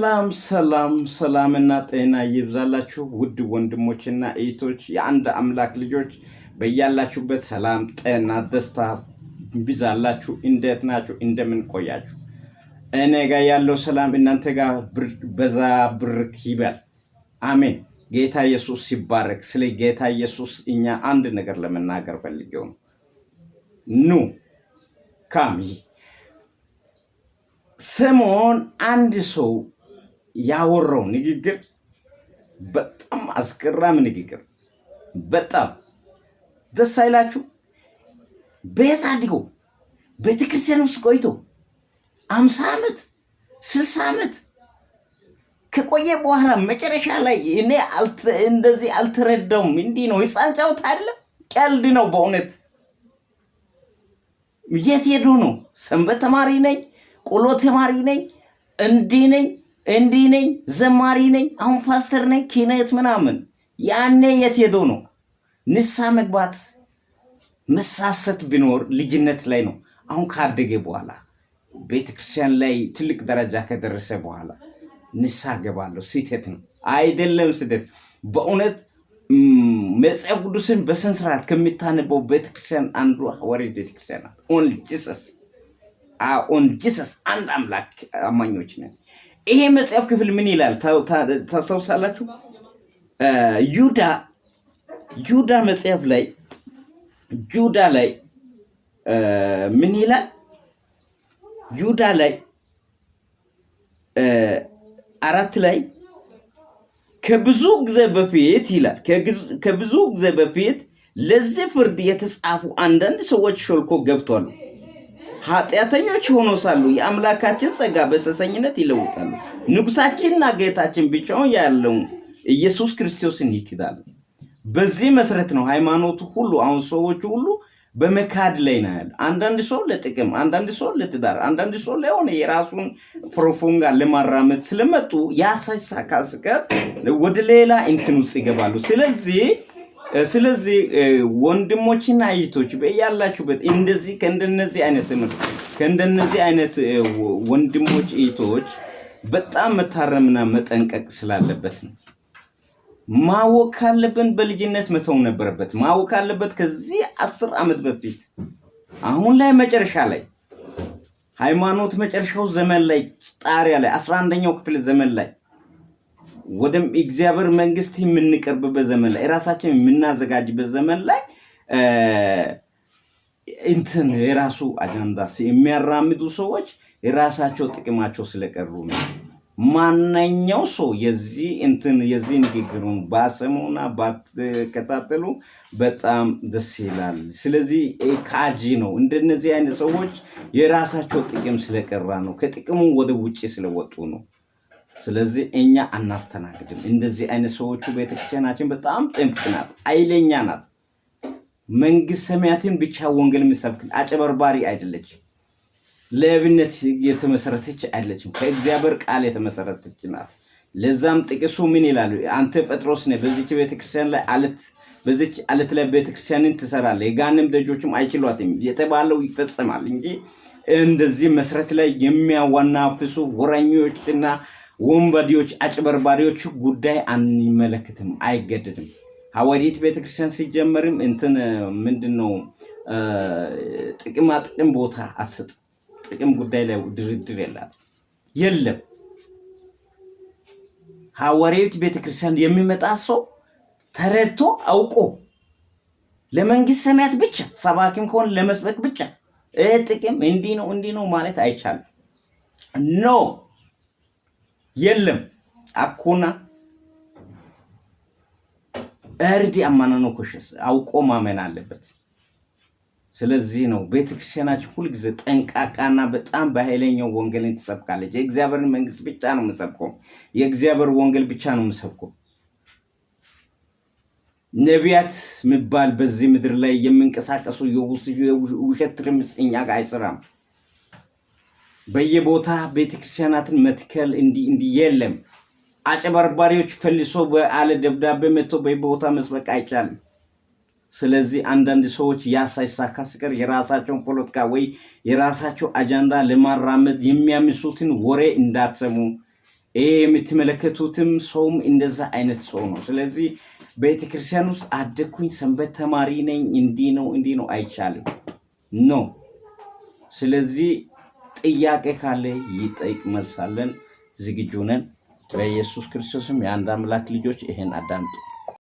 ሰላም ሰላም ሰላምና ጤና ይብዛላችሁ ውድ ወንድሞችና እህቶች የአንድ አምላክ ልጆች በያላችሁበት ሰላም፣ ጤና፣ ደስታ ቢዛላችሁ እንዴት ናችሁ? እንደምን ቆያችሁ? እኔ ጋር ያለው ሰላም እናንተ ጋር በዛ ብርክ ይበል። አሜን። ጌታ ኢየሱስ ሲባረክ። ስለ ጌታ ኢየሱስ እኛ አንድ ነገር ለመናገር ፈልጌው ነው። ኑ ካሚ ስምዖን አንድ ሰው ያወራው ንግግር በጣም አስገራሚ ንግግር፣ በጣም ደስ አይላችሁ? በየት አድጎ ቤተክርስቲያን ውስጥ ቆይቶ አምሳ ዓመት ስልሳ ዓመት ከቆየ በኋላ መጨረሻ ላይ እኔ እንደዚህ አልተረዳውም። እንዲህ ነው ሕፃን ጨዋታ አለ። ቀልድ ነው በእውነት። የት ሄዶ ነው? ሰንበት ተማሪ ነኝ፣ ቆሎ ተማሪ ነኝ፣ እንዲህ ነኝ እንዲህ ነኝ፣ ዘማሪ ነኝ፣ አሁን ፓስተር ነኝ፣ ኪነት ምናምን ያኔ የት ሄዶ ነው? ንሳ መግባት መሳሰት ቢኖር ልጅነት ላይ ነው። አሁን ካደገ በኋላ ቤተክርስቲያን ላይ ትልቅ ደረጃ ከደረሰ በኋላ ንሳ ገባለሁ ስህተት ነው፣ አይደለም ስህተት በእውነት መጽሐፍ ቅዱስን በስነ ስርዓት ከሚታነበው ቤተክርስቲያን አንዱ ሐዋርያ ቤተክርስቲያን ናት። ኦን ጂሰስ ኦን ጂሰስ አንድ አምላክ አማኞች ነን። ይሄ መጽሐፍ ክፍል ምን ይላል ታስታውሳላችሁ? ዩዳ ዩዳ መጽሐፍ ላይ ዩዳ ላይ ምን ይላል? ዩዳ ላይ አራት ላይ ከብዙ ጊዜ በፊት ይላል ከብዙ ጊዜ በፊት ለዚህ ፍርድ የተጻፉ አንዳንድ ሰዎች ሾልኮ ገብቷሉ። ኃጢአተኞች ሆኖ ሳሉ የአምላካችን ጸጋ በሰሰኝነት ይለውጣሉ። ንጉሳችንና ጌታችን ብቻውን ያለውን ኢየሱስ ክርስቶስን ይክዳሉ። በዚህ መሰረት ነው ሃይማኖቱ ሁሉ አሁን ሰዎቹ ሁሉ በመካድ ላይ ነው ያለ። አንዳንድ ሰው ለጥቅም፣ አንዳንድ ሰው ለትዳር፣ አንዳንድ ሰው ለሆነ የራሱን ፕሮፖጋንዳ ለማራመድ ስለመጡ ያሳሳካስቀር ወደ ሌላ እንትን ውስጥ ይገባሉ። ስለዚህ ስለዚህ ወንድሞችና እህቶች በያላችሁበት እንደዚህ ከእንደነዚህ አይነት ትምህርት ከእንደነዚህ አይነት ወንድሞች እህቶች በጣም መታረምና መጠንቀቅ ስላለበት ነው። ማወቅ ካለብን በልጅነት መተው ነበረበት። ማወቅ ካለበት ከዚህ አስር ዓመት በፊት አሁን ላይ መጨረሻ ላይ ሃይማኖት መጨረሻው ዘመን ላይ ጣሪያ ላይ አስራ አንደኛው ክፍል ዘመን ላይ ወደ እግዚአብሔር መንግስት የምንቀርብበት ዘመን ላይ የራሳችን የምናዘጋጅበት ዘመን ላይ እንትን የራሱ አጀንዳ የሚያራምዱ ሰዎች የራሳቸው ጥቅማቸው ስለቀሩ ነው። ማነኛው ሰው የዚህ እንትን የዚህ ንግግሩን ባሰሙና ባትከታተሉ በጣም ደስ ይላል። ስለዚህ ካጂ ነው። እንደነዚህ አይነት ሰዎች የራሳቸው ጥቅም ስለቀራ ነው፣ ከጥቅሙ ወደ ውጭ ስለወጡ ነው። ስለዚህ እኛ አናስተናግድም። እንደዚህ አይነት ሰዎቹ ቤተክርስቲያናችን በጣም ጥብቅ ናት፣ አይለኛ ናት። መንግስት ሰማያትን ብቻ ወንጌል የምትሰብክል አጨበርባሪ አይደለች። ለብነት የተመሰረተች አይደለችም። ከእግዚአብሔር ቃል የተመሰረተች ናት። ለዛም ጥቅሱ ምን ይላሉ? አንተ ጴጥሮስ ነህ፣ በዚች ቤተክርስቲያን ላይ አለት በዚች አለት ላይ ቤተክርስቲያንን ትሰራለህ፣ የጋንም ደጆችም አይችሏትም የተባለው ይፈጸማል እንጂ እንደዚህ መሰረት ላይ የሚያዋናፍሱ ወረኞችና ወንበዴዎች፣ አጭበርባሪዎቹ ጉዳይ አንመለክትም፣ አይገደድም። ሐዋርያት ቤተክርስቲያን ሲጀመርም እንትን ምንድን ነው ጥቅማ ጥቅም ቦታ አሰጥ ጥቅም ጉዳይ ላይ ድርድር የላት የለም። ሐዋርያት ቤተክርስቲያን የሚመጣ ሰው ተረድቶ አውቆ ለመንግስት ሰማያት ብቻ ሰባኪም ከሆነ ለመስበክ ብቻ ጥቅም እንዲህ ነው እንዲህ ነው ማለት አይቻልም ኖ የለም አኮና እርድ አማናኖ ኮሸስ አውቆ ማመን አለበት። ስለዚህ ነው ቤተክርስቲያናችን ሁልጊዜ ጠንቃቃና በጣም በኃይለኛው ወንጌልን ትሰብካለች። የእግዚአብሔርን መንግስት ብቻ ነው የምሰብከው፣ የእግዚአብሔር ወንጌል ብቻ ነው የምሰብከው። ነቢያት የሚባል በዚህ ምድር ላይ የሚንቀሳቀሱ ውሸት ትርምስ እኛ ጋር አይሰራም። በየቦታ ቤተክርስቲያናትን መትከል እንዲህ እንዲህ የለም። አጨበርባሪዎች ፈልሶ በአለ ደብዳቤ መጥቶ በቦታ መስበቅ አይቻልም። ስለዚህ አንዳንድ ሰዎች ያ ሳይሳካ የራሳቸውን ፖለቲካ ወይ የራሳቸው አጀንዳ ለማራመድ የሚያምሱትን ወሬ እንዳትሰሙ። ይህ የምትመለከቱትም ሰውም እንደዛ አይነት ሰው ነው። ስለዚህ ቤተክርስቲያን ውስጥ አደግኩኝ፣ ሰንበት ተማሪ ነኝ፣ እንዲህ ነው እንዲህ ነው አይቻልም ነው። ስለዚህ ጥያቄ ካለ ይጠይቅ፣ መልሳለን። ዝግጁ ነን። በኢየሱስ ክርስቶስም የአንድ አምላክ ልጆች ይህን አዳምጡ።